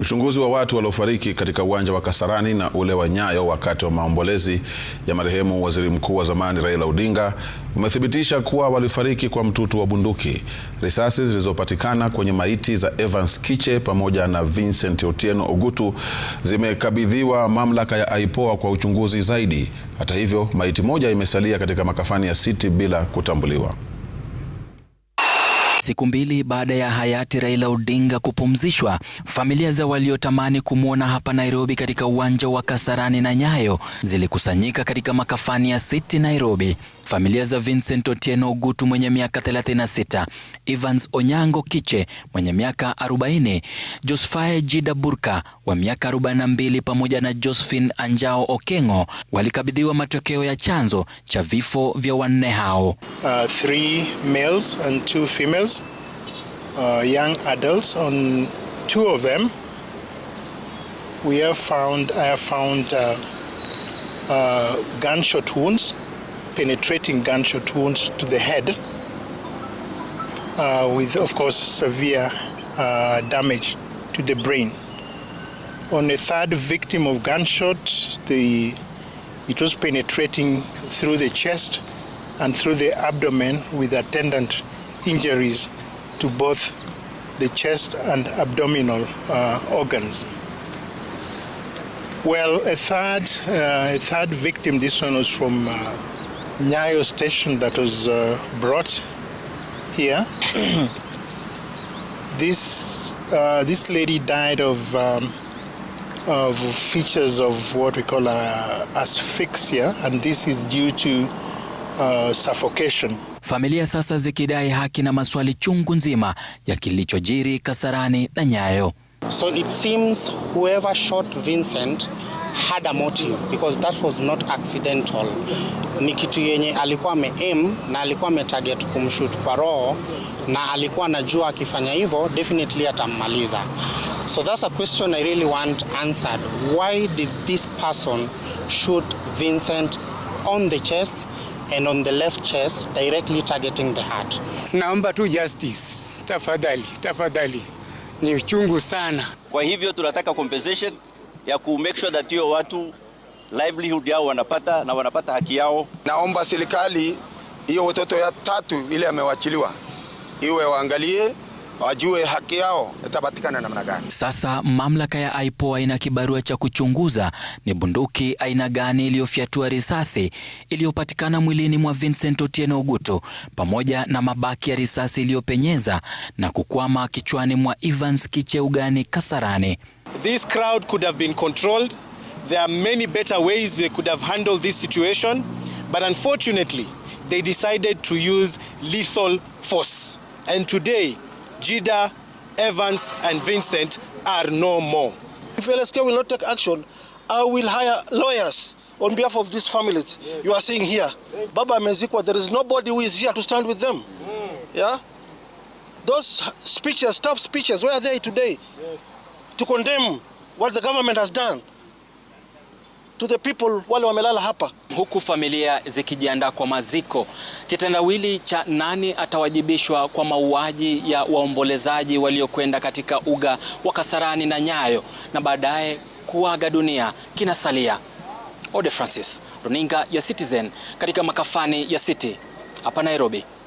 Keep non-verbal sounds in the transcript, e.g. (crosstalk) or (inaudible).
Uchunguzi wa watu waliofariki katika uwanja wa Kasarani na ule wa Nyayo wakati wa maombolezi ya marehemu waziri mkuu wa zamani Raila Odinga umethibitisha kuwa walifariki kwa mtutu wa bunduki. Risasi zilizopatikana kwenye maiti za Evans Kiche pamoja na Vincent Otieno Ogutu zimekabidhiwa mamlaka ya IPOA kwa uchunguzi zaidi. Hata hivyo, maiti moja imesalia katika makafani ya City bila kutambuliwa. Siku mbili baada ya hayati Raila Odinga kupumzishwa, familia za waliotamani kumwona hapa Nairobi katika uwanja wa Kasarani na Nyayo zilikusanyika katika makafani ya City Nairobi. Familia za Vincent Otieno Ogutu mwenye miaka 36, Evans Onyango Kiche mwenye miaka 40, Josfae Jida Burka wa miaka 42 pamoja na Josephine Anjao Okengo walikabidhiwa matokeo ya chanzo cha vifo vya wanne hao. Uh, three males and two females, uh, young adults on two of them we have found, I have found uh, uh, gunshot wounds penetrating gunshot wounds to the head, uh, with, of course, severe uh, damage to the brain. On the third victim of gunshot, the, it was penetrating through the chest and through the abdomen with attendant injuries to both the chest and abdominal uh, organs. Well, a third, uh, a third victim, this one was from uh, Nyayo station that was uh, brought here. (clears throat) this uh, this lady died of um, of features of what we call uh, asphyxia and this is due to uh, suffocation. Familia sasa zikidai haki na maswali chungu nzima ya kilichojiri Kasarani na Nyayo. So it seems whoever shot Vincent had a motive because that was not accidental. Ni kitu yenye alikuwa ame aim na alikuwa ame target kumshoot kwa roho na alikuwa anajua akifanya hivyo definitely atammaliza. So that's a question I really want answered. Why did this person shoot Vincent on the chest and on the left chest directly targeting the heart? Naomba tu justice. Tafadhali, tafadhali. Ni uchungu sana. Kwa hivyo tunataka compensation ya ku make sure that hiyo watu livelihood yao wanapata na wanapata haki yao. Naomba serikali hiyo watoto ya tatu ile amewachiliwa iwe waangalie wajue haki yao itapatikana namna gani. Sasa mamlaka ya IPOA ina kibarua cha kuchunguza ni bunduki aina gani iliyofyatua risasi iliyopatikana mwilini mwa Vincent Otieno Oguto, pamoja na mabaki ya risasi iliyopenyeza na kukwama kichwani mwa Evans Kicheugani Kasarani. This crowd could have been controlled. There are many better ways they could have handled this situation, but unfortunately, they decided to use lethal force. And today, Jida, Evans, and Vincent are no more. If LSK will not take action, I will hire lawyers on behalf of these families yes. you are seeing here. Baba Mezikwa, there is nobody who is here to stand with them. Yes. Yeah? Those speeches, tough speeches, where are they today? Yes. to condemn what the government has done to the people wale wamelala hapa. Huku familia zikijiandaa kwa maziko, kitendawili cha nani atawajibishwa kwa mauaji ya waombolezaji waliokwenda katika uga wa Kasarani na Nyayo na baadaye kuaga dunia kinasalia. Ode Francis, runinga ya Citizen katika makafani ya City hapa Nairobi.